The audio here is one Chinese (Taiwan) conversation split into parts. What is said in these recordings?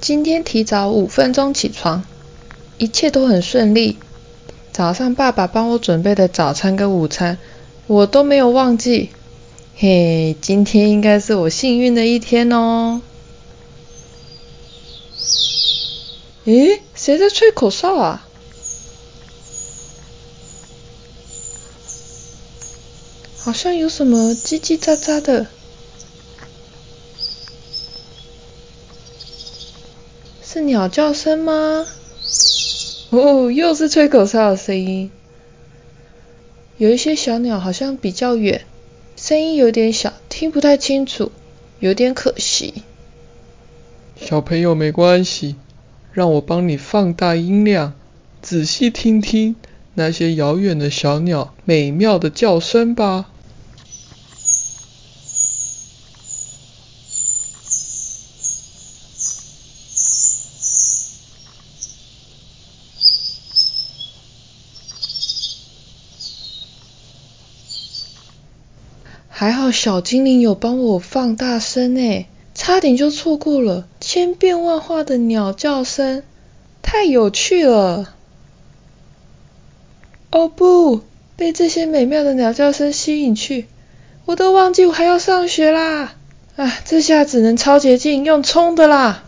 今天提早五分鐘起床，一切都很順利。早上爸爸幫我準備的早餐跟午餐，我都沒有忘記。嘿，今天應該是我幸運的一天哦。咦？誰在吹口哨啊？好像有什麼嘰嘰喳喳的。是鳥叫聲嗎？哦，又是吹口哨的聲音。有一些小鳥好像比較遠，聲音有點小，聽不太清楚，有點可惜。小朋友沒關係，讓我幫你放大音量，仔細聽聽那些遙遠的小鳥美妙的叫聲吧。還好小精靈有幫我放大聲誒，差點就錯過了千變萬化的鳥叫聲，太有趣了！哦不，被這些美妙的鳥叫聲吸引去，我都忘記我還要上學啦！啊，這下只能抄捷徑用衝的啦！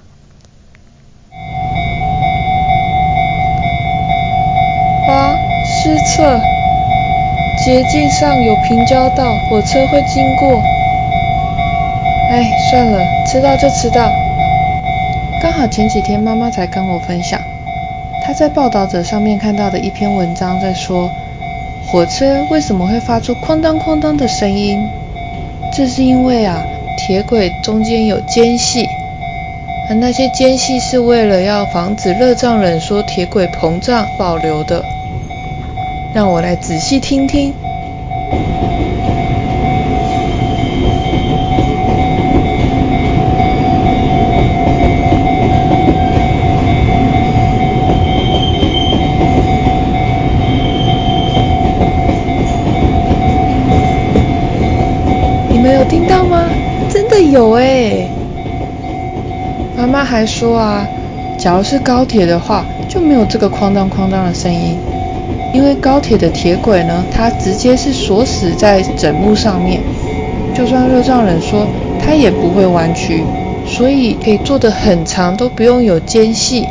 捷徑上有平交道，火車會經過。哎，算了，遲到就遲到。剛好前幾天媽媽才跟我分享，她在《報道者》上面看到的一篇文章，在說火車為什麼會發出哐當哐當的聲音，這是因為啊，鐵軌中間有間隙，而那些間隙是為了要防止熱脹冷縮，鐵軌膨脹保留的。讓我來仔細聽聽，你們有聽到嗎？真的有哎！媽媽還說啊，假如是高鐵的話，就沒有這個哐當哐當的聲音。因為高鐵的鐵軌呢，它直接是鎖死在枕木上面，就算熱脹冷縮，它也不會彎曲，所以可以做得很長，都不用有間隙。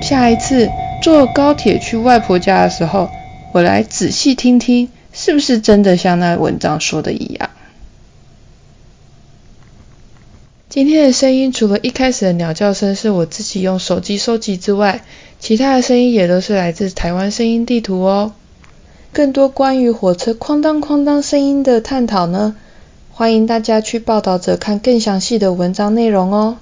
下一次坐高鐵去外婆家的時候，我來仔細聽聽，是不是真的像那文章說的一樣。今天的聲音，除了一開始的鳥叫聲是我自己用手機收集，之外，其他的聲音也都是來自台灣聲音地圖哦。更多關於火車哐噹哐噹聲音的探討呢，歡迎大家去報道者看更詳細的文章內容哦。